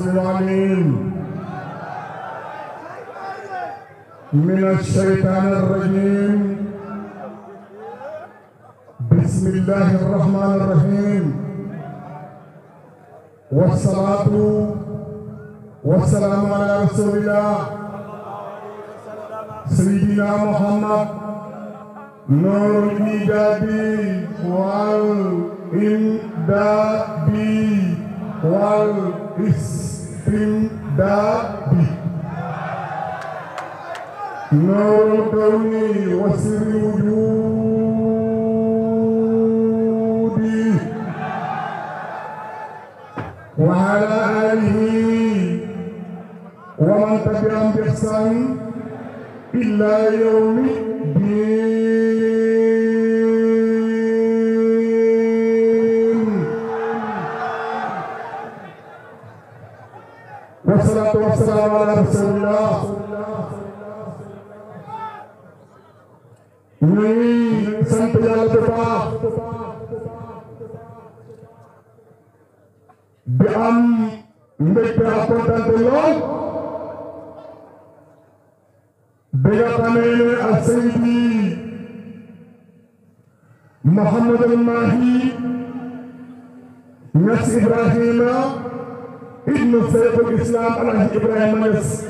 العليم من الشيطان الرجيم بسم الله الرحمن الرحيم والصلاة والسلام على رسول الله سيدنا محمد نور الإيجابي والإمدادي والإسلام بابي نور كوني وسر وجودي وعلى آله ومن تبعهم بإحسان إلى يوم الدين Wee, sampai dalam tepah. Biar ambil perapotan tuyuk. Biar kami asyidi. Muhammad al-Mahi. Nasi Ibrahimah. Ibn Sayyidul Islam. Anak Ibrahimah. Nasi Ibrahimah.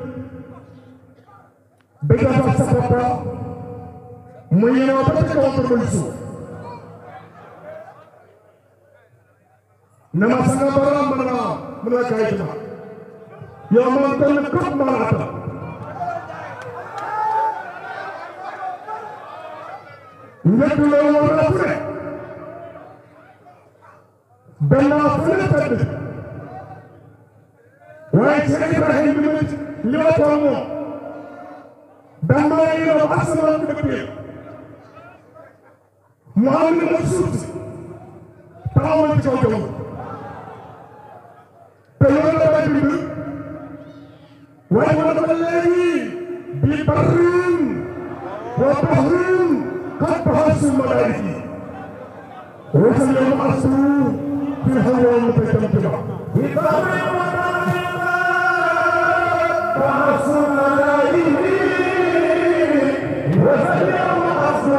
بجاتا سببا مينا بتكا وتملسو نما سنة برام بنا ملا كايتنا يوم تل كب مراتا نتلو ورابنا بلا فلتد وعيش إبراهيم من لوطنه dan melayani dalam asal dalam kedepan. Mohon bersyukur. Tahu yang kau jauh. Pelan pelan dulu. Wajah mata melayani. Biarin. Wapahin. Kau bahasa melayani. Rasul yang asal. Tiada yang mempunyai tempat. Kita berada di tempat. Kasih.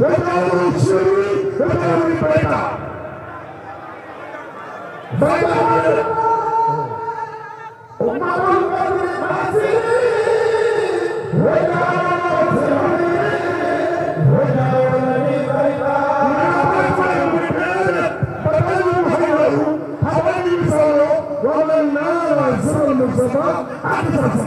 بدأوا السوريين بدأوا البيضاء بدأوا أمة الأرض المسيحيين بدأوا Thank you.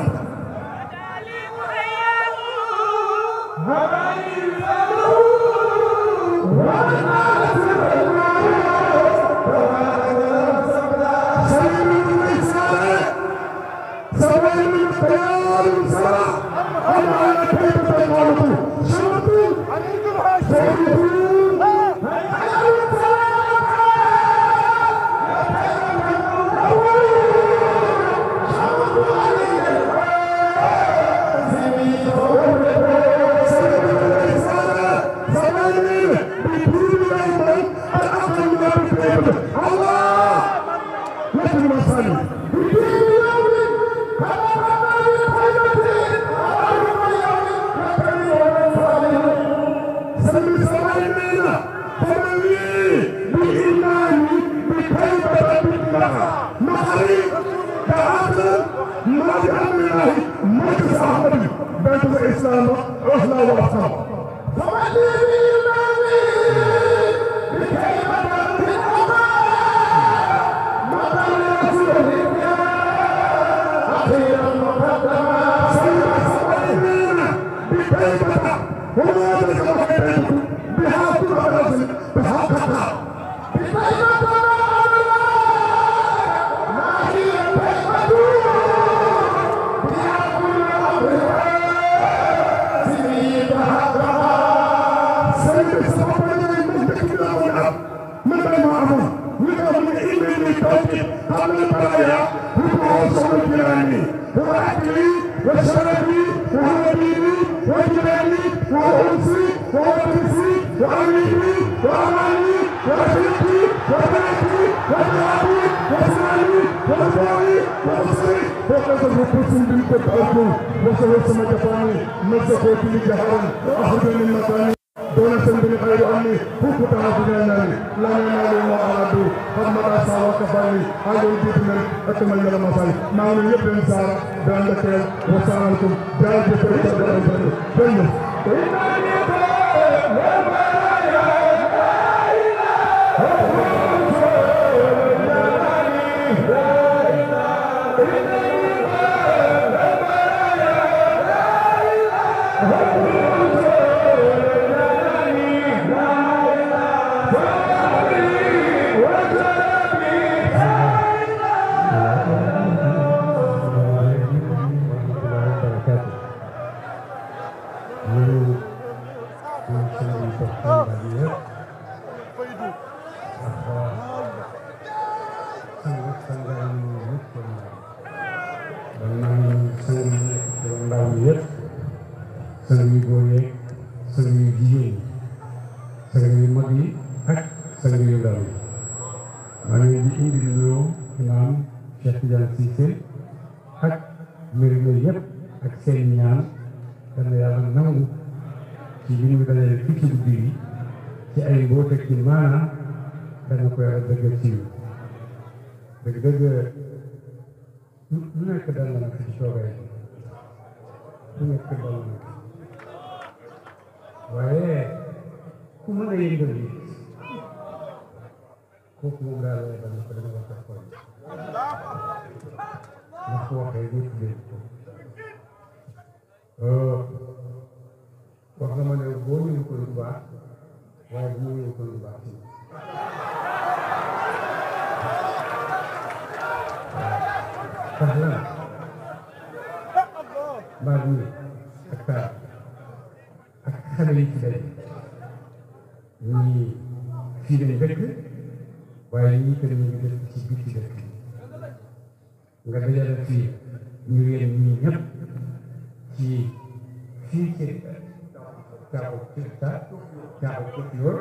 Thiaw Kër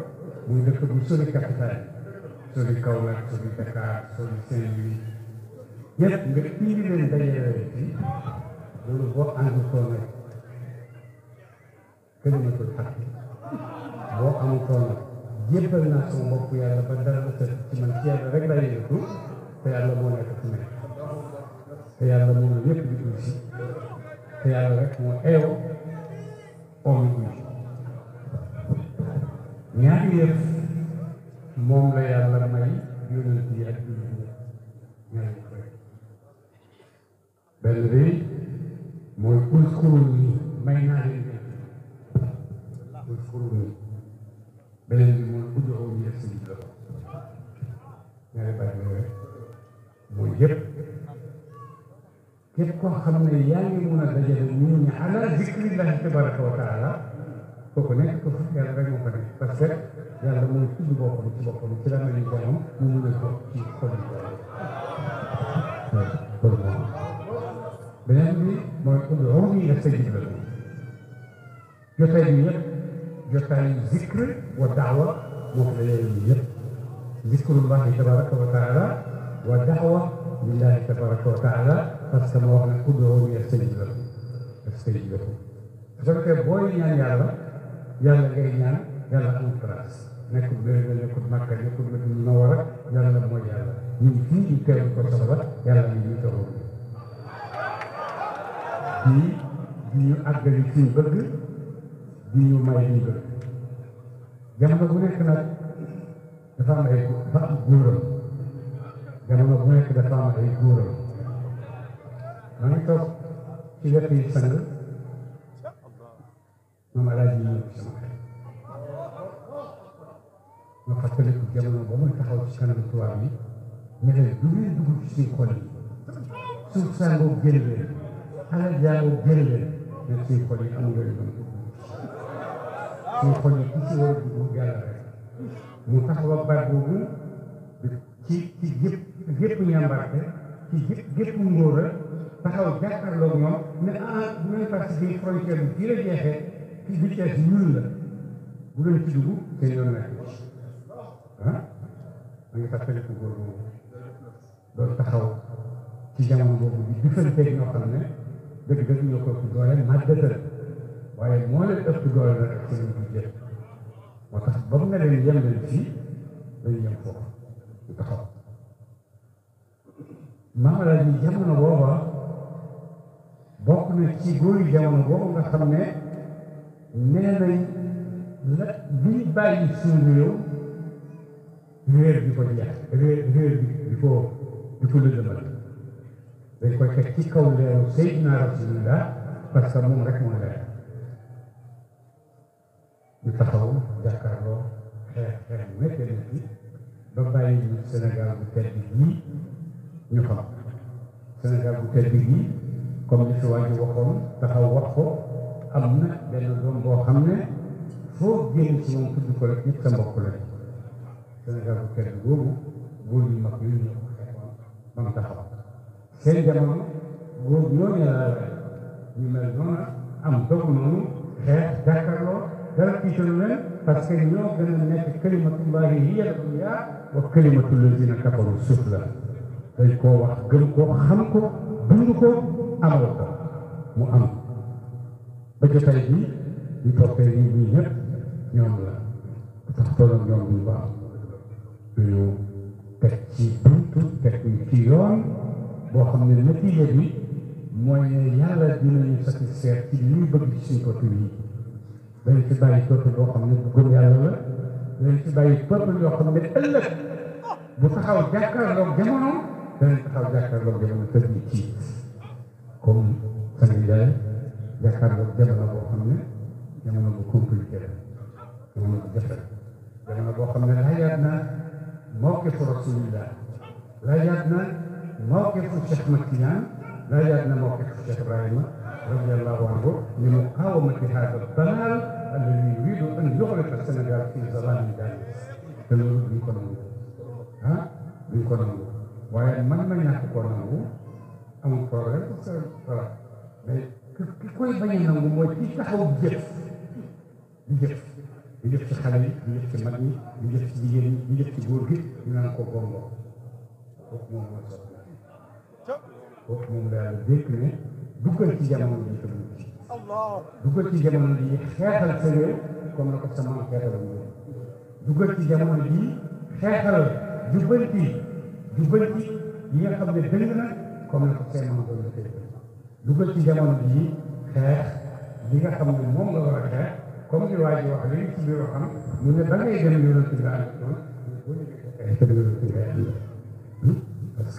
muy dëkk bu sori capital sori Kaolack sori Dakar sori Saint-Louis ñëpp nga tiiri leen dajale ci naa sama bopp yàlla ba dara la tëdd ci man ci rek laa yëngatu te yàlla moo nekk fu nekk te yàlla moo ñëpp di si te rek moo eew omi uy ñaari yëf moom la yàlla may yonent yi ak jullit yi ñaari koy benn bi mooy uskuruni may naa leen leen uskuruni beneen bi mooy ud'uuni astajib lakum ñaari baat yooyu mooy yëpp képp koo xam ne yaa ngi mun a dajale ñu ne ala zikrillahi tabaraka wa taala ko ko nekk ko yàlla rek moo ko def parce que yàlla mooy tudd boppam ci boppam ci la mel ni boppam mu mën a ko ci xol beneen bi mooy ko yow nii nga sa jibla jotaay bi yëpp jotaay zikr wa daawa moo ko la yooyu yëpp zikrullahi tabaraka wa taala wa daawa lillahi tabaraka wa taala parce que moo wax ne ku yow nii nga sa jibla sa jibla bu fekkee booy ñaan yàlla yalla ngay ñaan yalla am grâce nekk bëgg nekk makka nekk nekk ñu na war yalla mooy yalla ñu ci ci kër ko sabra yalla ñu ñu ko di di ñu aggal ci bëgg di ñu may ñu bëgg jamm nga bu nekk nag dafa am ay dafa am góoram jamm nga bu nekk dafa am ay góoram ma ngi ci wetu yi sang moom El Hadj Malick sama xel ma fàttaliku jamono ba muy taxaw ci kanam tubaab yi mais nag du saa boobu jëlee leen alal jaa boobu jëlee leen mais suñu xol yi amul lu doon suñu xol yi ku ci war a dugg yàlla rek mu taxaw baat boobu ci ci gépp gépp ñàmbarte ci gépp gépp ngóora taxaw jàkkaarloo ñoom ne ah bu ngeen passé frontière bi fii la expliqué bi ñun la bu doon ci dugg tey yoon na ah ma ngi fàttaliku góor doon taxaw ci jamono boobu di jëfandikoo ñoo xam ne dëgg-dëgg ñoo ko ëpp doole màggatal waaye moo leen ëpp doole la ak seen bu jëf moo tax ba mu ne leen yem leen fii dañu yem foofu di taxaw maamalaay bi jamono booba bokk na ci góori jamono boobu nga xam ne nee nañ la bi bàyyi suñu réew réer bi ko jeex réer réer bi di ko di ko lëndëmal dañ koy teg ci kaw leeru Seydina Rasulullah parce que moom rek moo leer ñu taxaw jàkkaarloo xeex xeex métti métti ba bàyyi ñu Sénégal bu tedd yi ñu xam Sénégal bu tedd yi comme li fi waa waxoon taxaw wax am na benn doom boo xam ne foo génn ci moom tudd ko rek nit sa mbokk la Sénégal bu tedd boobu góor yu mag yooyu ñoo ko fekkoon ba mu taxaw seen jamono góor ñooñu la ñu mel noonu am dogu noonu xeex jàkkarloo dara tiitalu leen parce que ñoo gën a nekk kalimatullahi hiya al-ulya wa kalimatu lazina kafaru sufla dañ koo wax gëm ko xam ko dund ko amal ko mu am ba ca tey jii ñu toppee ñun ñii ñëpp ñoom la tax tolloon ñoom bu baax ñu teg ci buntu teg ci yoon boo xam ne natiija bi mooy ne yàlla dinañu satisfaire ci li ñu bëgg ci suñu peuple yi dañ ci bàyyi peuple boo xam ne bu gëm yàlla la dañ ci bàyyi peuple yoo xam ne ëllëg bu taxaw jàkkaarloog jamono danañ taxaw jàkkaarloog jamono tëdd ci comme Sénégal jàkkaarloog jamono boo xam ne jamono bu compliqué la jamono bu jafe la jamono boo xam ne laajaat naa mawqifu rasulillah laajaat naa mawqifu Cheikh Matiyan laajaat naa mawqifu Cheikh Ibrahima radiyallahu anhu li muqaawamati haada balaal alladi yuridu an yuxriqa Sénégal fi zamanin daal te loolu duñ ko nangu ah duñ ko nangu waaye man ma ñàkk ko nangu amul problème parce que voilà te ki koy bañ a nangu mooy ki taxaw jëf di jëf di jëf ci xale yi di jëf ci mag ñi di jëf ci jigéen ñi di jëf ci ko bongo kooku moom mooy soxla moom la yàlla dénk ne duggal ci jamono ji te mu ci duggal ci jamono ji xeexal sa réew comme ko sama xeexalal moom duggal ci jamono jubbanti jubbanti yi nga xam ne dëng na comme na ko sama xeexalal dugal ci jamono xeex li nga xam ne moom la war a xeex comme li waa wax léegi ci biir waxam ne ba ngay dem yonent bi ànd noonu boo ñëwee xeex yonent bi ànd parce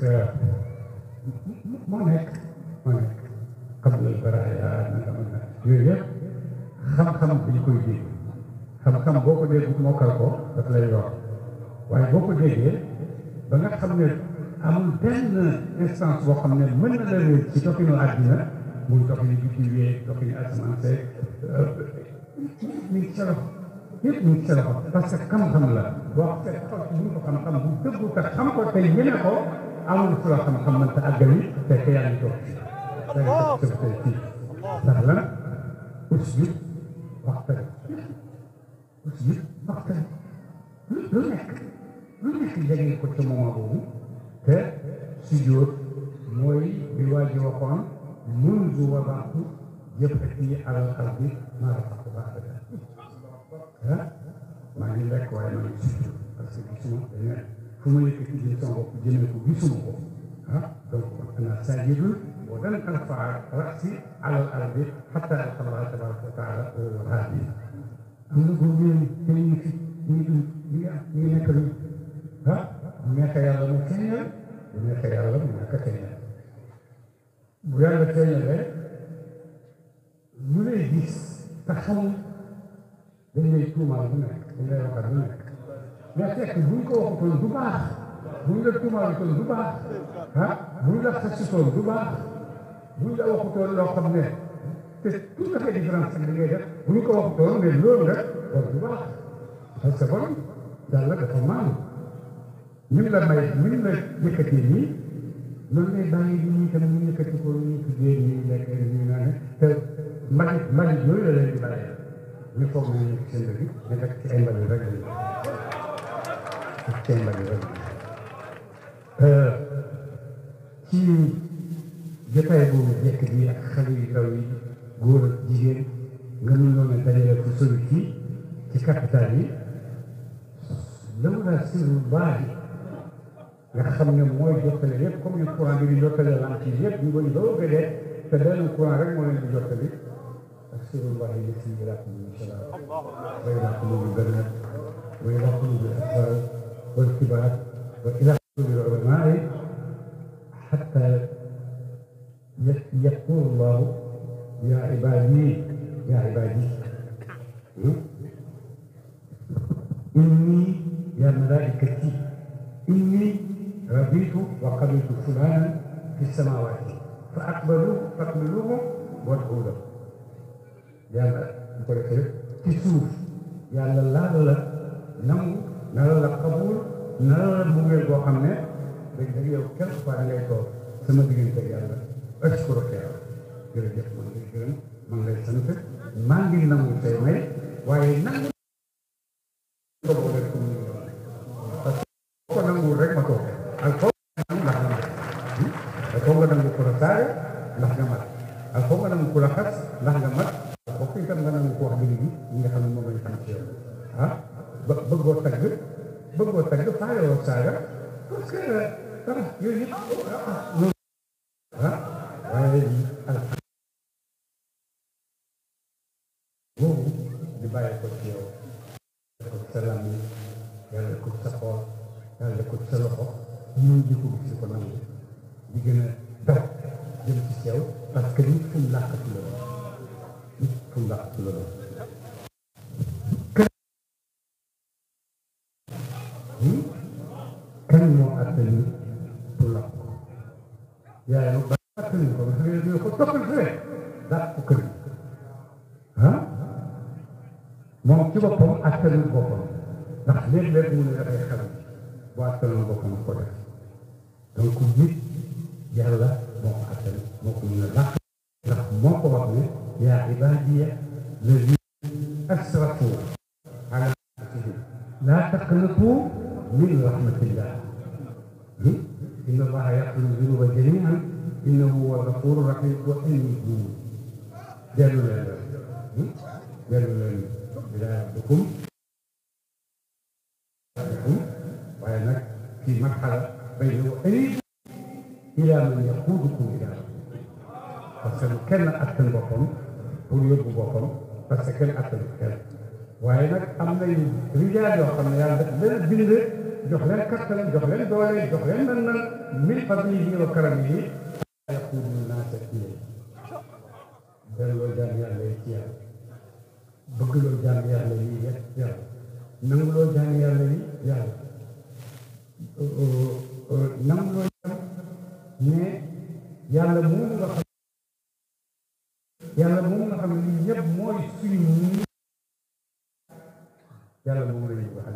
que xam nga baraaya xam-xam dañ koy dégg xam-xam boo ko dégg mokkal ko daf lay waaye boo ko déggee ba nga xam ne amul benn instance boo xam ne mën na demee ci doxinu àddina muy doxinu biti weeg doxinu asamaan seeg mi ngi ci loxo yëpp mi ngi ci loxo parce que xam-xam la boo xam ne bu ko xam-xam bu dëggu te xam ko te yéene ko amul fu la xam-xam mën ta àggali fekk yaa ngi toog fii da ngay fii ndax lan usbi waxtaan usbi waxtaan lu nekk lu nekk jege ko ci moment boobu ci jóob mooy bi waa ji waxoon mundu wabaatu yëkkati alal xal bi maa la fàq baax ah maa ngi lekk waaye maa ngi si jóob parce que gisuma dañu fu ma yëkkati jëm sama bopp jëmee ko gisuma ko ah donc ana sajidu wa lan arfaa rasi alal ardi xata alxalaa tabaraka wa taala rabi am na góor ñeen ñu ngi fi ñu ngi dund ñu ngi am ñu ngi nekk ah nekk yàlla ma kenn இன்னும் அளவு நமக்கு தெரியும் முதலமைச்சர் முழு திஸ் தகவல் வெளியேற்று மாதிரி நடக்கு لا تاكل كوخ كل دباخ بولا توما كل دباخ ها بولا خسس كل دباخ بولا وقت لو قمنا tout à fait différent de ce que j'ai dit. Vous ne pouvez pas mais l'eau, le bar, ça se voit, dans le commande. ñii la may ñii la yëkkati nii loolu lay bàyyi bi ñuy tam ñu yëkkati ko ñu tuddee ñuy lekk ñu naan te mbalit mbalit yooyu la leen di bàyyi ñu foog ñu seen bi ñu nekk ci ay ay mbalit rek ci jotaay bu njëkk bi ak xale yu ndaw yi góor ak jigéen nga nu noonu dajale ko solu ci ci capital yi nga xam ne mooy jottale lépp comme ni courant bi di jottale lentille yëpp ñu bañ ba bëgg a def te benn courant rek moo leen di jottali ak suñu wax yi ci yirakum insha Allah wa yirakum bi banat wa yirakum bi asfar wa kibar wa yirakum bi ulamaai hatta يقول الله يا عبادي يا عبادي إني يا ملائكتي إني رضيت وقبلت فلانا في السماوات فأقبلوه فأقبلوه وادعوا له yàlla bu ko defee ci suuf yàlla laal la nangu nala la xabul nala la buggeel boo xam ne dañ dag yow kenn faa ngay toog sama diggante yàlla ashkuru yàlla jërëjëf man ngay gërëm man ngay sant maa ngi nangu tey may waaye nangu boobu di bàyyi ko ci yow ko sa làmmi yàlla ko sa xool yàlla ko sa loxo ñun di ko gis ko nangu di gën a daw jëm ci sew parce que nit fu mu làqatu la doon nit fu mu làqatu la doon yaayam ba fàttali ko ba xëy na ko toppal fee daa ko kër ah moom ci boppam attalul boppam ndax léeg-léeg mu ne dafay xel bu attalul boppam ko def بين القريب إلى من يقودكم إلى كان اكثر بطن وليد بطن كان اكثر كان وهناك أمني رجال يخليان لن بلد جهلان كتلان جهلان دولان جهلان من من فضله وكرمه يقود الناس إليه دلو جامع ليتيا بقلو جامع ليتيا نملو جامع ليتيا nam loo jam mais yàlla moom nga xam yàlla moom nga xam ne lii yëpp mooy suñu yàlla moom la ñu ko xam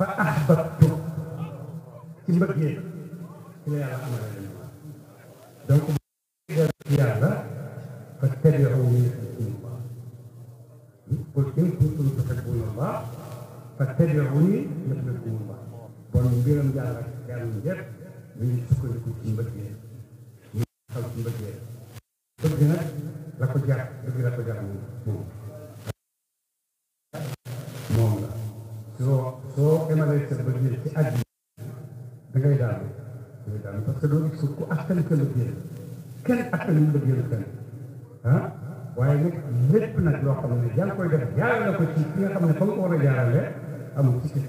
فأحببت ci mbëggeel ci la yàlla amale leen donc ci yàlla fa tabiu min qul in kuntum tuhibbuna allah fa tabiuni yuhibbukum allah bon mbiram yàlla yàlla yëpp ñu ngi sukkandiku ci mbëggeel ñu xaw ci mbëggeel bëgg nag la ko jar bëgg la ko jar moom te doo gis ku askan sa liggéey kenn askan wi mu liggéeyul kenn ah? waaye nag lépp nag loo xam ne yaa koy def jaarale ko ci ki nga xam ne fa mu ko war a jaarale amul ci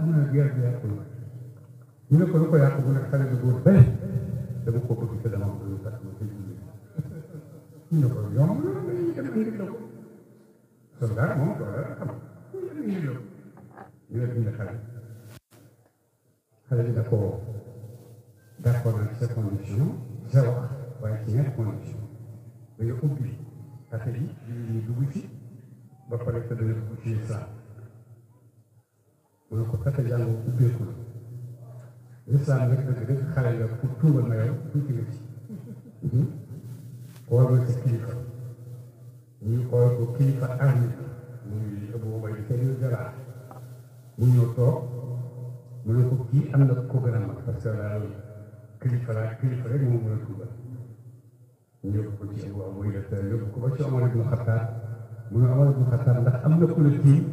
mun na jeex bi yàqu na ñu ne ko lu ko yàqu mu ne xale bi góor bële dama ko bëgg te dama ko bëgg sax ma tëj ñu ne ko yomb la ñu ne ko soldat moom soldat xam ñu ne ñu ne xale xale bi da ko d'accord ak sa condition sa wax waaye ci ñett condition da nga ubbi affaire yi ñu dugg ci ba pare que da nga dugg ci saa mu ne ko fekk jàng ubbeeku la lislaam nag dëgg xale nga ku tuubal na yow tuuti nga ci hmm? xool nga sa kilifa mu ngi Abu Ubayda ko kii am na ko gën a mag parce que kilifa laa kilifa rek moo mën a tuubal ñu ko ci Abu Ubayda yóbbu ko ba ci Omar ibnu Xattaab mu ne Omar ibnu Xattaab ndax am na ku la tiim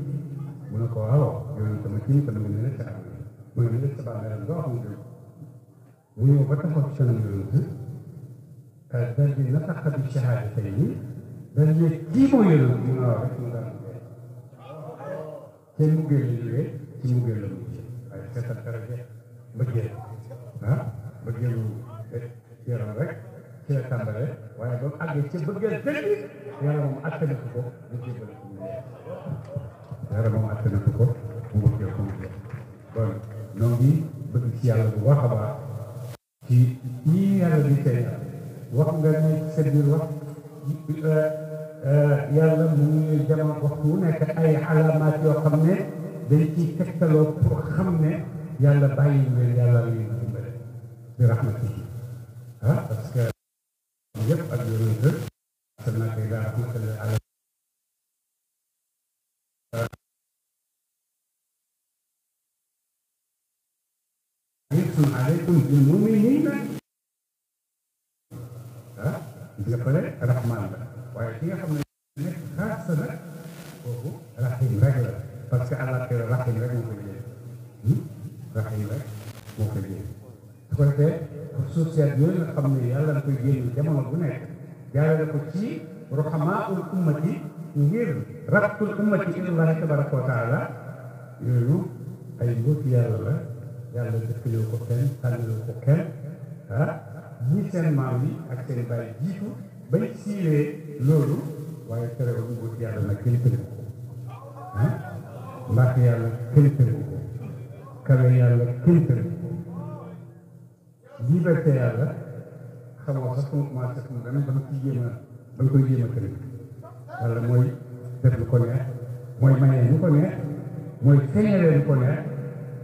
mu ne ko waaw yow itam kii bi dama ne la ca am mu ne la ca bàmmeel doo xam ne mu ñëw ba taxaw ci kanam yonent dal di nataqa bi shahaadatayni dal di kii moo yonent mu ne waaw rek mu daal te mu génn jógee ci mu génn la mu waaye seetal daraja mbëggeel ah mbëggeelu yaram rek ci la tàmbalee waaye ba mu àggee ca bëggeel dëgg yaramam attaliku ko mu jébbal ko mu dara moom attanatu ko mu wax yow comme kon ñoo ngi bu baax a baax ci ñii yàlla di wax nga ni sa wax euh, yàlla mu ngi waxtu wu nekk ay alaamaat yoo xam ne dañ ciy tegtaloo pour xam ne yàlla bàyyi leen yàlla leen dimbale bi rahmatihi ah parce que yëpp ak yooyu لستم عليكم بمؤمنين ها بيقول رحمن waaye ki nga xam ne nekk xaas na kooku rahim rek la parce que àllaaxira rahim rek moo ko jëlee rahim rek moo ko jëlee su ko defee suuf seet yooyu nga xam ne yàlla na koy génn jamono bu nekk jaarale ko ci ruxamaaul ummati ngir rabtul ummati ilallaahi tabaraka wa taala yooyu ay mbóot yàlla la yàlla dëkkaloo ko kenn tànnaloo ko kenn ah seen maam yi ak seen bàyyi jiitu bañ siiwee loolu waaye terewul nguur yàlla nag kenn tënku ko ah mbaax yàlla kenn tënku ko ko liberté yàlla yàlla mooy def lu ko neex mooy manee lu ko neex mooy feeñalee ko neex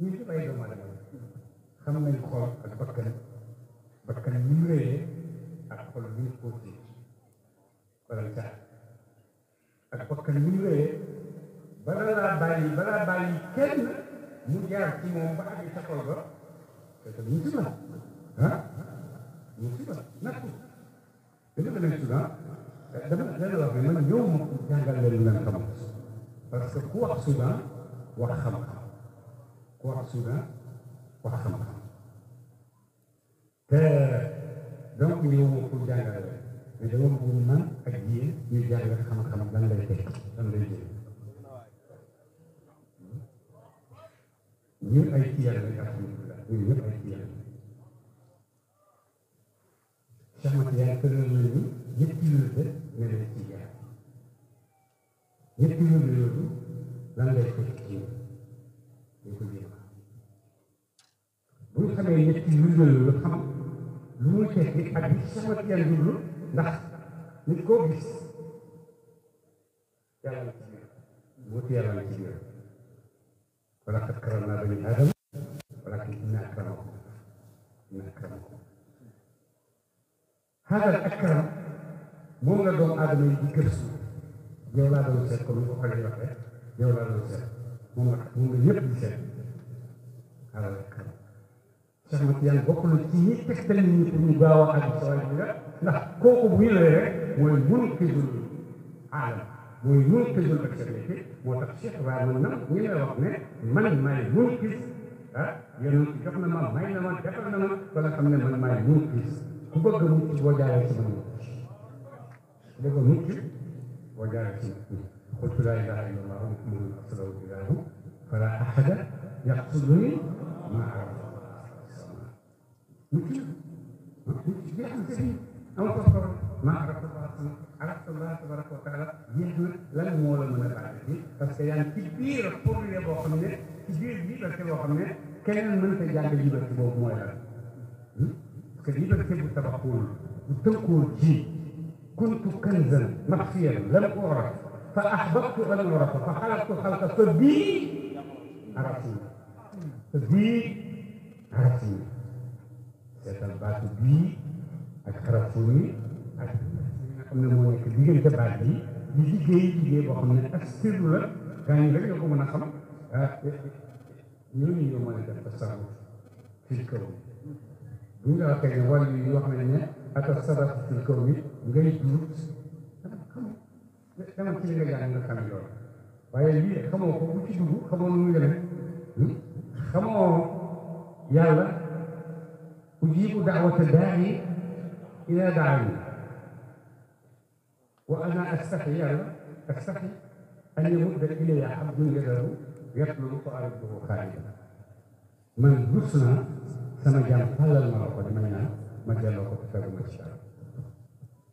ñi ci bay doomu adama xam nañ xool ak bakkan bakkan ni mu réyee ak xol ni mu fóote xoolal sax ak bakkan ni mu réyee bala laa bàyyi bala bàyyi kenn mu jaar ci moom ba àgg sa xol ba parce que musiba ah musiba nakku dama la leen souvent dama dama wax ne man ñëw ma jàngal leen lan xam parce que ku wax souvent wax xam-xam ورسولا ورحمة te donc ñëw ma pour jàngale mais dama bëgg man ak yéen ñu jàngale xam-xam lan lay def lan lay jël ñun ay ci yàlla lañ alhamdulilah ñun ñëpp ay ci yàlla bu ñu xamee ñetti mbir yooyu nga xam lu muy tekki ak li saxma tiyaan jublu ndax nit koo gis yàlla ci biir wuti yàlla ci biir wala xat karam naa bani aadama walakin inna akramakum inna akramakum xaaral akram moom la doomu aadama yi di kër su yow laa doon seet comme ni ko xale waxee yow laa doon seet moom la moom la ñëpp di seet xaaral akram Cheikh Tidiane bokk na ci ñi tegtal nit ñi pour ñu gaaw a àgg ci wàllu nga ndax kooku bu ñu lay rek mooy munkidul aalam mooy munkidul actualité moo tax Cheikh Ibrahima na bu ñu lay wax ne man maay munkid ah yéen jox na ma may na ma defal na ma wala xam ne man maay munkid ku bëgg munkid boo jaaree ci man ku bëgg munkid boo jaaree ci man قلت لا اله الا الله محمد رسول الله فلا احد يقصدني ما عرفت am ko borom maarafallahu ak allah tabaraka wa taala jeex na lan moo la mën a bàyyi bi parce que yaa ngi ci biir projet boo xam ne ci biir liberté boo xam ne keneen mën ta jàng liberté boobu mooy lan parce que liberté bu tabaxuwoon bu tënkoo ji kuntu kanzan maxfiyan lam uraf fa ahbabtu an urafa fa xalaqtu xalqa fa bii arafina fa bii arafina seetal baatu bii ak xaraful yi ak xam ne moo nekk diggante baat bi di liggéey liggéey boo xam ne ak seetlu la gaañ rek nga ko mën a xam ah ñooñu ñoo waaye lii xamoo ko bu ci dugg xamoo nu mu yële hmm? xamoo yàlla أجيب دعوة الداعي إلى داعي وأنا أستحي أنا أستحي أن يمد إلي عبد يده يطلب فأرده خارجا من حسن سما جام حل المرق ودمنا ما جام وقت فرد ما شاء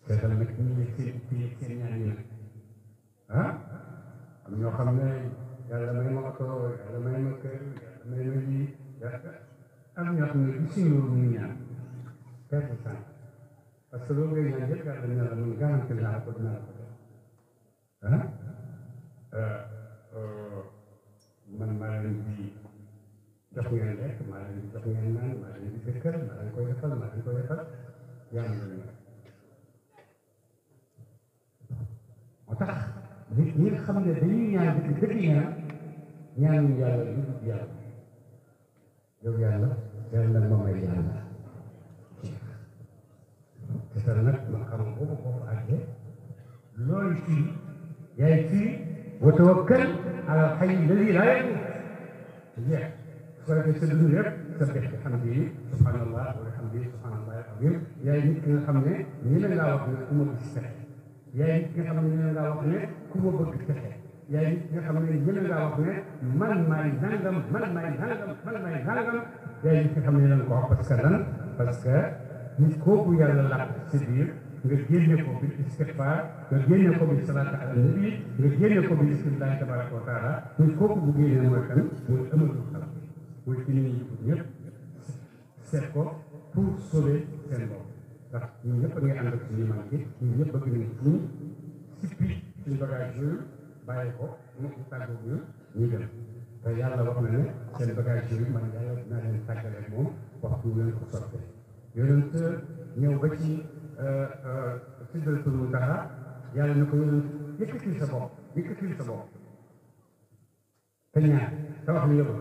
كذا المكمية في يعني ها؟ أنا يوخمي يا لما يمكو يا لما يمكو يا لما يمكو kami akan isi rumahnya. Kepesan. Pasalnya yang jaga dengan mengangkat kelihatan apa dengan apa. Hah? Menmalam di Jepun ya, kemarin di Jepun ya, kemarin di Jepun, kemarin kau ya, kemarin kau ya, yang mana? Maka, ini kami dari yang dikirinya, yang yang dia, dia yang lah. yàlla na ma may yàlla te nag ma xam boobu foofu àggee looy fii yaay fii wa tawakkal ala alxay alladi laa yamuut jeex su ko defee sa dund yëpp sabbix bi xam bi subhanallah wa bihamdi subhanallah alazim yaay nit ki nga xam ne ñi la ngaa wax ne ku ma gis fexe yaay nit ki nga xam ne ñi la ngaa wax ne ku ma bëgg fexe yaay nit ki nga xam ne ñi la ngaa wax ne man maay nangam man maay nangam man maay nangam jaay yi nga xam ne lañ ko wax parce que lan parce que nit kooku yàlla làq ci nga génne ko bi istigfaar nga génne ko bi salaat ala nabi nga génne ko bi bismillahi tabaraka wa taala nit génne mooy kan mooy ëmadu xal mooy ci nit ko pour sauver a ngi ànd ak suñu manqué ñun ñëpp bëgg nañ ñu sippi suñu bagage yooyu bàyyi ko mu tàggoo ñu ñu dem te yàlla wax na ne seen bagage yooyu man yàlla dinaa leen tàggale ak moom waxtu leen ko sotte yonent ñëw ba ci euh, euh, siddal turu ndaxa yàlla na ko yonent yëkkatil sa bopp sa bopp te ñaar te wax ni yóbbu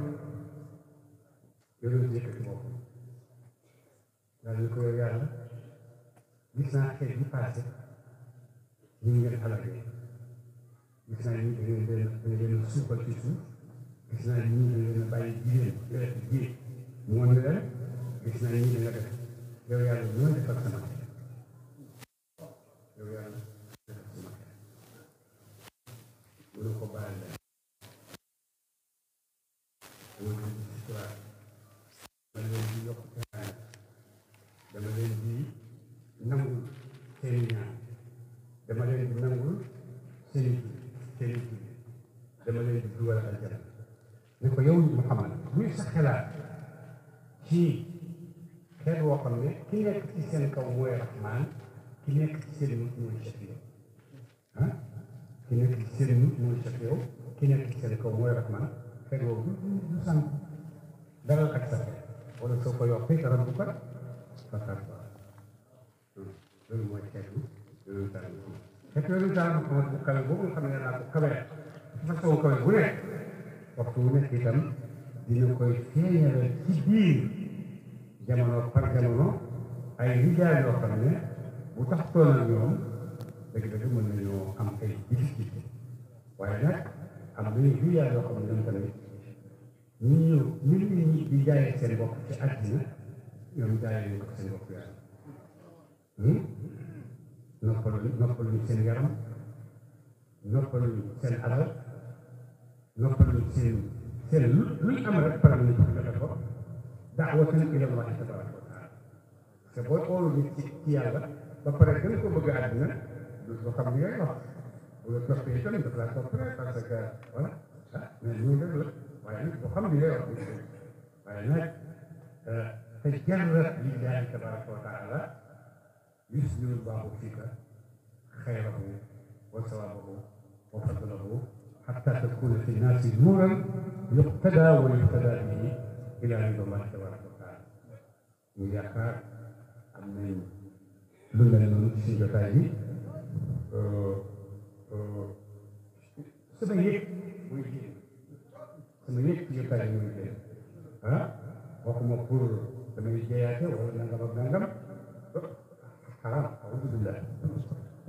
yonent yëkkati bopp yàlla na ko yow yàlla gis naa xeet yi passé ñu ngeen xalaatee gis naa ñu dañu leen dañu leen suufal ci suuf gis naa ñu ngi leen a bàyyi jigéen def ji mu wan leen gis naa ñu ngi leen a def yow yàlla ñoo defal sama yow yàlla defal sama mu ne ko baal la dama leen di histoire dama leen di yokk teraan dama leen di nangul seeni ñaan dama leen di nangul seeni seeni dama leen di dugal aljanna ni ko yow Muhammad luy sa xalaat ci xeet woo xam ne ki nekk ci seen kaw mooy Rahmaan ki nekk ci seen nit mooy Shafiir ah ki nekk ci seen nit mooy Shafiir ki nekk ci seen kaw mooy Rahmaan xeet woowu du sant dalal ak safe wala soo ko yokkee rabbuka fatarda loolu mooy xeetu loolu daal xeetu loolu daal bu kale boobu nga xam ne naa ko kawe dafa kawe bu ne waxtu wu nekk itam dina koy feeñalal ci biir jamono par jamono ay rijaal yoo xam ne bu tax toona ñoom dëgg-dëgg mën nañoo am ay difficulté waaye nag am nañu rijaal yoo xam ne ñoom tamit ñu ñëw nit ñi di jaayee seen bopp ci àddina ñoom jaayee ñu ko seen bopp yàlla hmm? noppalu noppaluñu seen yaram noppaluñu seen alal ñoo xam ne seen seen lu luñ am rek faral nañ ko defal ko daawatan ilallaahi tabaaraka wa taala te booy xool nit ci ci yàlla ba pare gën ko bëgg àddina du ko xam ni ngay wax bu la toppee itam daf laa topp rek parce que voilà ah mais ñun rek la waaye nag du xam ni ngay wax waaye nag euh, te jarrat lillaahi tabaaraka wa taala yuslimu llaahu fiika xayrahu wa sawaabahu wa fadlahu حتى تكون في الناس نورا يقتدى ويقتدى به الى عند الله تبارك وتعالى ويا خار امين لولا لولا شي جاتاي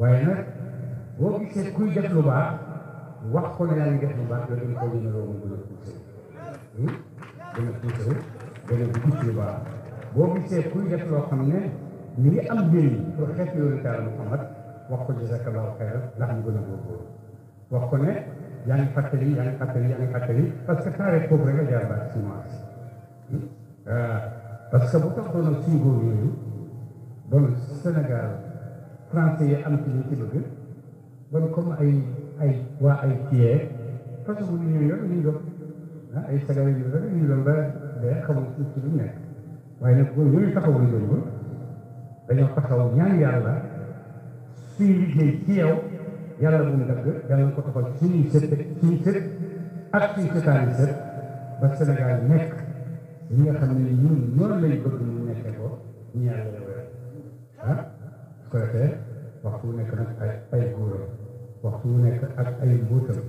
Wah, ini, wah, bisa kuih jatuh, Pak. wax ko ñaan def lu baax loolu ko gën a loolu hmm? gën a puusé gën a puusé gën a dugg ci baax boo gisee kuy def loo xam ne mi ngi am njëriñ pour xeet yoonu daal Muhammad wax ko jazakallahu xayran ndax ñu gën a góorgóorlu wax ko ne yaa ngi fàttali yaa ngi fàttali yaa ngi fàttali parce que xaare foofu rek a jaar ba semence hmm? ah, parce que bu taxoon ak suñu góor yooyu bon Sénégal français yi am ci ñu ci bëgg bon comme ay ay waa ay kii façon bu ñu yor ñu doon ah, ay sagale yu bëri ba dee xamul ci ci lu waaye nag boobu ñu taxawul loolu dañoo taxaw ñaan yàlla suy liggéey ci yow yàlla bu mu dagg yàlla ko taxaw ci suñuy sët suñuy sët ak suñu sëtaani sët ba Sénégal nekk li nga xam ne ñun noonu lañ bëgg ñu nekkee ko ñu yàlla la wér ah su ko defee waxtu nekk nag ay ay góoram وخونك أب أي بطر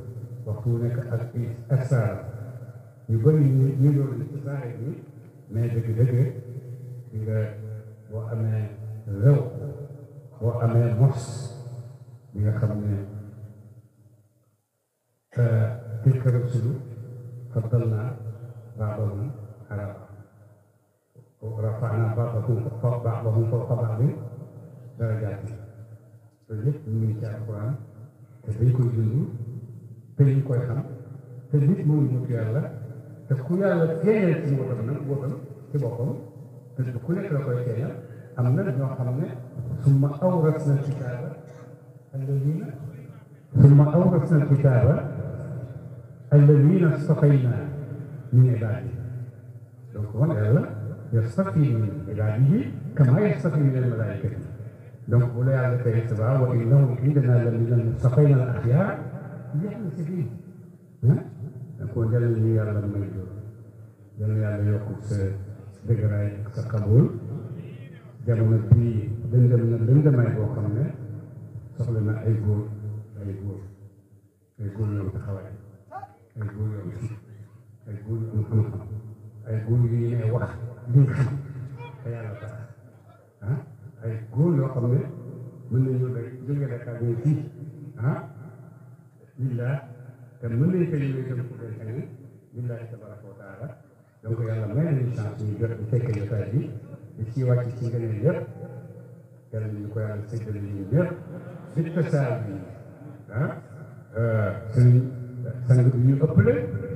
وخونك أب أي أسار يبين يدور الإسرائي ما دق دق إلى وأما ذوق وأما مص إلى خمين فتلك الرسل فضلنا بعضهم على ورفعنا بعضهم فوق بعضهم فوق بعضهم درجاتهم. فجئت طيب، من شعر القرآن te dañ koy dund te dañ koy xam te nit mooy mut yàlla te ku yàlla teeñal ci wotam nag wotam ci boppam te ku nekk la koy teeñal am na ñoo xam ne summa awrasna alkitaaba alladina summa awrasna alkitaaba alladina stafayna min ibadihi donc kon yàlla yastafi min ibadihi kama yastafi min almalaikati donc bu la yàlla fay sabaa wa innahum indanaa la mina al-muttaqiina al-axyaar yàlla si fii ah kon yàlla ñu yàlla may jur yàlla yàlla yokk sa dëgëraay ak sa xabool jamono bii lëndëm na lëndëmaay boo xam ne soxla na ay góor ay góor ay góor yu am taxawaay ay góor yu am fit ay góor yu am xam-xam ay góor yu ne wax li xam te yàlla tax ay góor yoo xam ne mën nañoo dégg jëngale kàddu yi fii ah lillah te mën nañ ko ñëwee dem ko koy xëy lillahi tabaraka wa taala donc yàlla may nañu chance ñu jot bu fekkee jotaay bi di ci wàcc ci ngëneel yëpp yàlla ñu ko yàlla séddale ñu yëpp di tasaar bi ah euh, sëñ sang bi ñu ëppale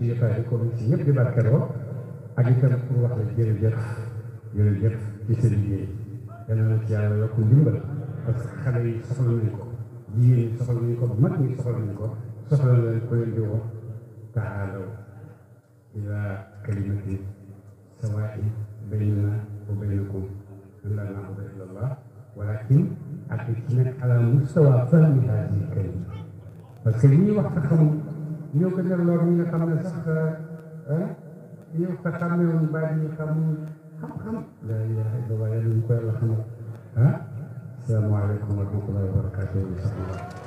ci jotaay bi comme si ñëpp di barkeloo ak itam pour wax la jërëjëf jërëjëf ci sa liggéey dana na ci yàlla yokk ndimbal parce que xale yi soxla nañ ko jigéen ñi soxla nañ ko mag ñi soxla nañ ko soxla nañ ko leen di wax taalaw ila kalimatin sawaa'in baynana wa baynakum allaa na'buda illa allah walakin ak ci nekk ala mustawa fahmi haadihi kalima parce que li ñuy wax te xamul ñoo ko delloo ñi nga xam ne sax yow te xàmmeewuñ baat yi xamuñ xam-xam la ilaha illallah yàlla ñu ko yàlla xamal ah salaamaaleykum wa rahmatullahi wa barakatuh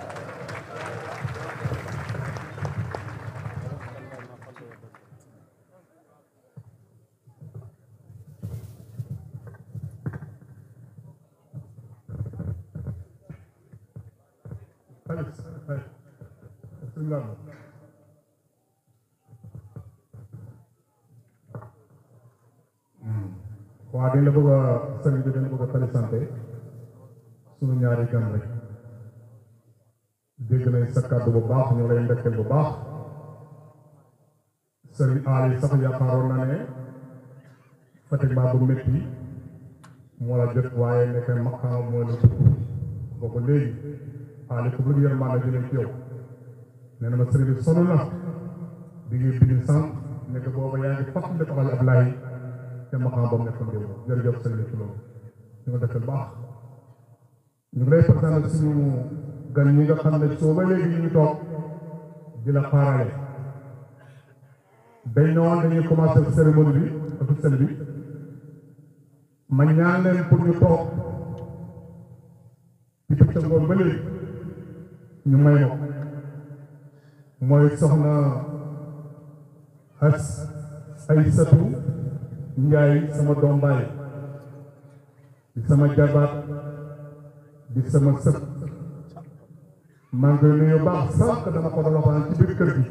Thank you. waa dañ la bëgg a sëriñ bi dañ la bëgg a présenté suñu ñaari gan rek dégg nañ sa kàddu bu baax ñu lay ndekkeel bu baax sëriñ Aali sax yaakaaroon na ne Fatick bu métti moo la jot waaye nekk maqaam mooy la dugg boobu léegi Aali ku bëgg yërmande jëlee ci yow nee na ma sëriñ bi na bi ngi bind sànq nekk booba yaa ngi fàttali ko Ablaye te maqaam boobu nekkoon démb jërëjëf sëñ bi ci loolu ñu nga defal baax ñu ngi lay présenté suñu gan ñi nga xam ne soo ba léegi ñu toog di la xaarale dañ ne woon dañuy commencé ak cérémonie bi ak sëñ bi ma ñaan leen pour ñu toog ci tëb sa ngoon ba léegi ñu may ma mooy soxna as ay satu Ndiaye sama doom baay di sama jabaat di sama sëb maa ngi nuyu baax sànq dama ko doon ci biir kër gi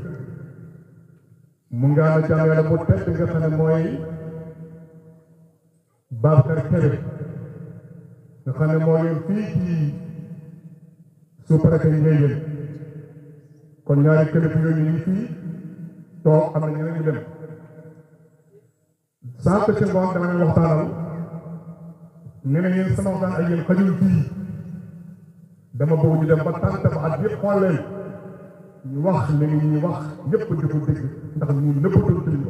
mu ngi ànd jàmm yàlla bu tedd nga xam ne mooy Babacar Kébé nga xam ne moo fii ci sous-préfet Ndiédiène ñu ngi fii toog am na ñeneen ñu dem. sans que ci ngoon dama leen waxtaanal ne na yéen sama waxtaan ak yéen xajul fii dama bëgg ñu dem ba tànn ba at yëpp xool leen ñu wax li ñuy wax ñëpp di ko dégg ndax ñun lépp doon dégg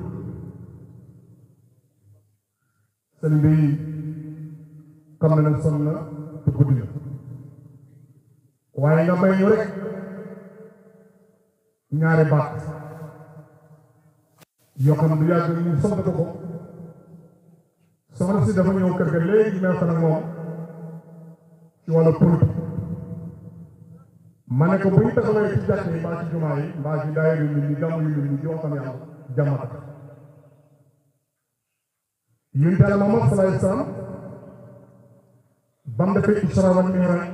sëñ bi xam na nag sonn na te guddi na waaye nga may ñu rek ñaari baat yoo xam ne yaa ngi ñu sant ko ko soxna si dafa ñëw kër ga léegi may waxtaan ak moom ci wàllu politique ma ko bu ñu taxawee ci jàkk yi mbaa ci ci daayira yu ñu gàmm yu ñu di waxtaan yàlla jàmm ak yéen daal Muhammad sallallahu alayhi wa sallam ba mu defee isra wal mi'raj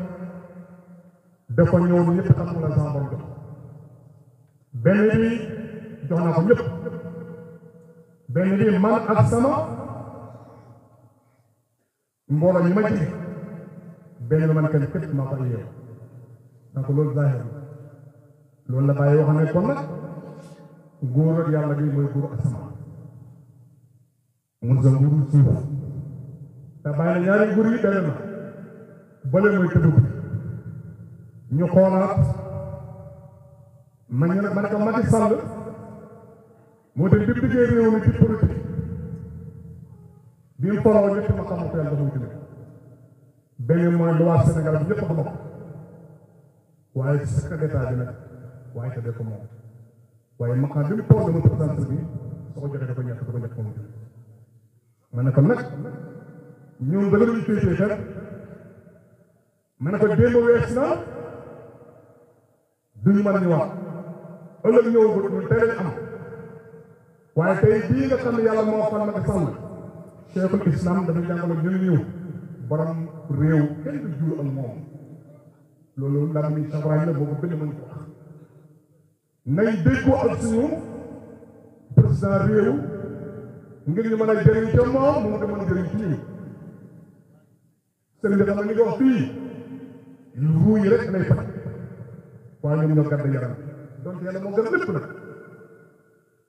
dafa ñëw ñëpp xam nga la sama borom jox benn bi jox naa ko ñëpp benn bi man ak sama mbooloo mi ma jiite benn man kenn képp maa ko yeew donc loolu zaahir loolu la bàyyi wax ne kon nag nguur ak yàlla bi mooy nguur asamaan mun sa nguuru suuf te bàyyi na ñaari nguur yi benn la mooy tëdd bi ñu xoolaat man ñu ne man ko Sall moo tax bi liggéey réew mi ci bi mu toroo ñëpp ma xam ko yàlla dafa wuti nekk beneen mooy lu waa Sénégal bi ñëpp xam ko waaye secrétaire d'état bi nag waaye te de ko moom waaye maqaam bi mu toog dama présidence bi soo ko joxee dafa ñett dafa ñett moom ma ne ko nag ñoom dëgg luñ féetee kat ma ne ko démb wees na duñu mën ñu wax ëllëg ñëw bu tey lañ am waaye tey bii nga xam ne yàlla moo xam nag sàmm cheikhul islam dañu jàngal ñun ñu borom réew kenn du jur ak moom loolu ndax muy sabraay la boobu bëgg mën ko wax nay déggoo ak suñu président réew ngir ñu mën a jëriñ ca moom mu mën a mën a jëriñ ci ñu sëñ bi xam ni ko wax fii lu ruuy rek lay fat waa ñu ñoo gàdd yaram donte yàlla moo gën lépp nag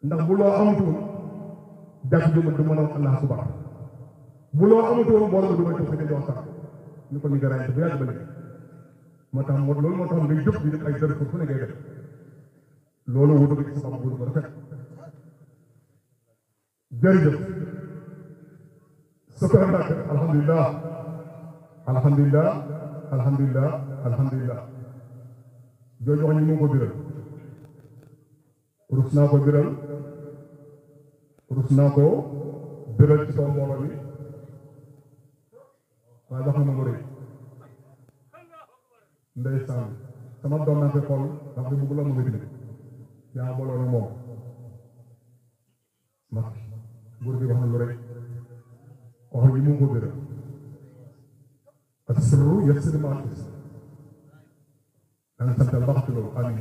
ndax bu loo amatul def du ma du ma la wax allah subhanahu bu loolu amatuwoon mbooloo du moo tax moo loolu moo tax ngay jóg di ay dër fu ne ngay loolu wutu ci sama bu rafet jërëjëf sëkkër Mbàkke alhamdulilah alhamdulilah alhamdulilah alhamdulilah jooju wax ñu mu ko biral rus naa ko biral rus naa ko biral ci sama mbooloo bi waaye jox na ma lu rëy ndeysaan sama doom na fi xool ndax bi bëgg la mu bind yaa booloo na moom ndax góor gi wax na lu rëy wax yi mu ngi ko gërëm asiru yasir ma atis danga santal baax ci loolu amin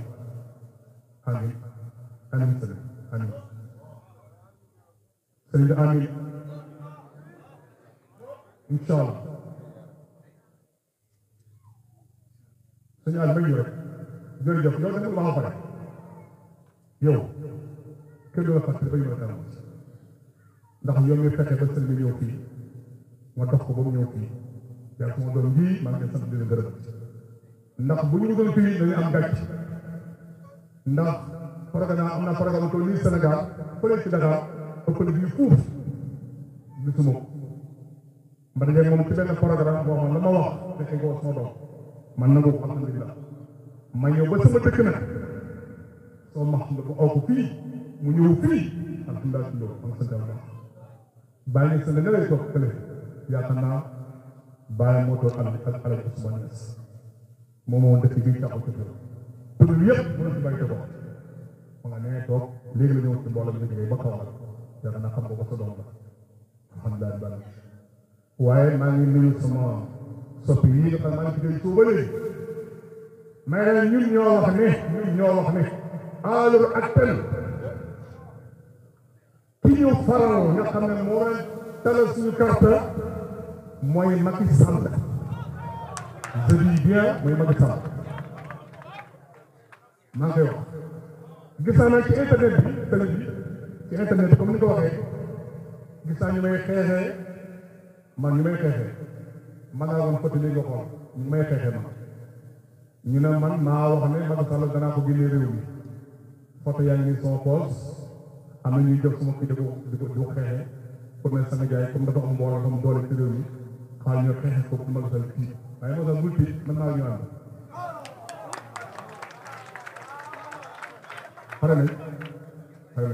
amin amin sëriñ amin sëriñ amin incha allah suñu àll ba ñu rek jërëjëf loolu nag wax bare yow kenn du la fàttali ba ñu rek ndax yow ñu fexe ba sëñ bi ñëw fii ma dox ko ba mu ñëw fii yàlla su ma doon bii maa ngi sant dina gërëm ndax bu ñu doon fii dañu am gàcc ndax programme am na programme ko nii Sénégal fële ci Dakar ëpp na bii fuuf gisuma ko ma dajeeg moom ci benn programme boo xam ne la ma wax fexe ko sama doom man na boobu alhamdulilah ma ñëw ba sama dëkk nag soo ma xam ne bu aw ko fii mu ñëw fii alhamdulilah loolu am sa jàmm bàyyi sa la nga lay toog fële yaakaar naa bàyyi moo toog al al alal ko suma nees moom moo dëkk bi càpp ko fële tudd yëpp mu ne si bàyyi ko ma nga nee toog léegi la ñëw si mbooloo bi liggéey ba kaw la yaakaar naa xam nga ko sa doom la alhamdulilah waaye maa ngi nuyu sama sopp yii nga xam maa ngi tuddee Touba léegi mais ñun ñoo wax ne ñun ñoo wax ne alors ak tel ki ñu faral nga xam ne moo talal suñu carte mooy Macky Sall je dis mooy Macky Sall maa ngi koy ci internet bi internet ko waxee gis naa ñu may xeexee man ñu may xeexee ma ngaa woon photo bi nga may fexe ma ñu ne man maa wax ne Macky Sall danaa ko génne réew mi photo yaa ngi sama poos am na ñuy jox sama kii di ko di ko ko xeexe ne sama jaay comme dafa am mbooloo xam doole ci réew fii waaye naa ñu ànd pare nañ pare nañ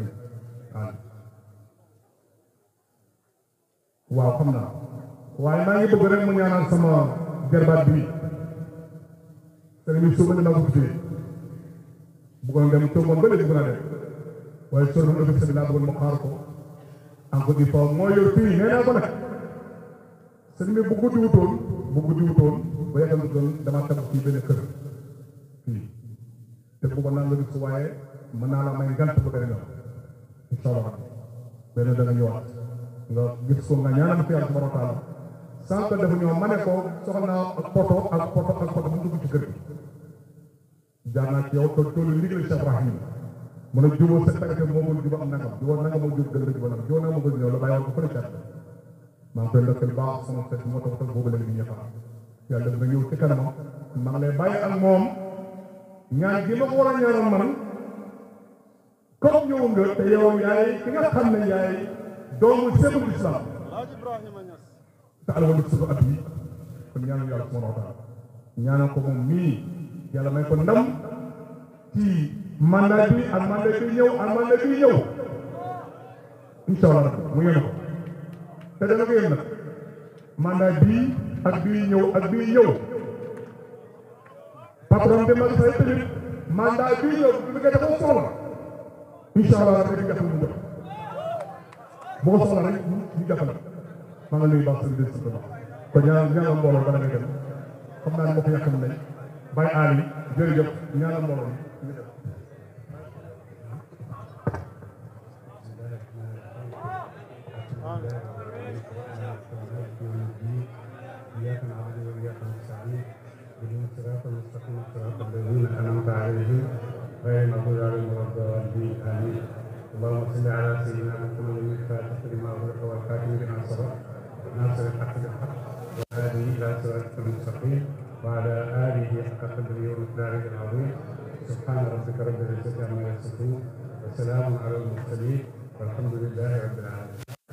xam naa waaye maa ngi bëgg sama gerbaat bi te ni suba dina ko tuddee bëggoon dem tëmbal ba bëgg naa def waaye sonu na ëpp sëñ laa bëggoon mu xaar ko en Côte d'Ivoire mooy yor fii nee naa ko nag sëñ bi bu guddi wutoon bu guddi wutoon ba yàgg na doon dama tabu fii benn kër fii te bu ko naan la ko waaye mën naa la may ngant ba gën a ñëw allah benn dana ñëwaat nga gis ko nga ñaanal fi sànq dafa ñëw ma ne ko soxna poto ak poto ak poto mu dugg ci kër gi jaar naa ci yow te toolu ndigal Cheikh Ibrahim mu ne jubóo sa tànk moomul jubóo am nangam jubóo nangam moo jub dëgg la jubóo nag jubóo nangam moo jub la bàyyi woon ko fële cat maa ngi koy ndokkal ma a ñaanoon man comme ñëw nga te yow yaay ki nga xam ne yaay doomu Cheikhul Islam te alawal yëpp suñu at bi kon ñaanal yàlla subhanahu wa ko moom mii yàlla may ko ndam ci mandat bi ak mandat bi ñëw ak mandat bi ñëw incha allah te dana ko yéen nag mandat bii ak bii ñëw ak bii ñëw patron bi mag say tamit mandat bii ñëw bi nga dafa soxla incha allah rek nga xam boo soxla rek ñu jàppale mana lebih bagus di sini. Kajian yang lama lama kita lakukan. Kami ada mukanya kembali. Bayi Ali, jadi jauh yang lama lama. Allahumma salli ala sayyidina Muhammad wa ala alihi wa sahbihi wa sallam. ناصر الحق بالحق وهذه الى صراطك المستقيم وعلى اله حق قدره ومقداره العظيم سبحان ربك رب العزه عما يصفون وسلام على المرسلين والحمد لله رب العالمين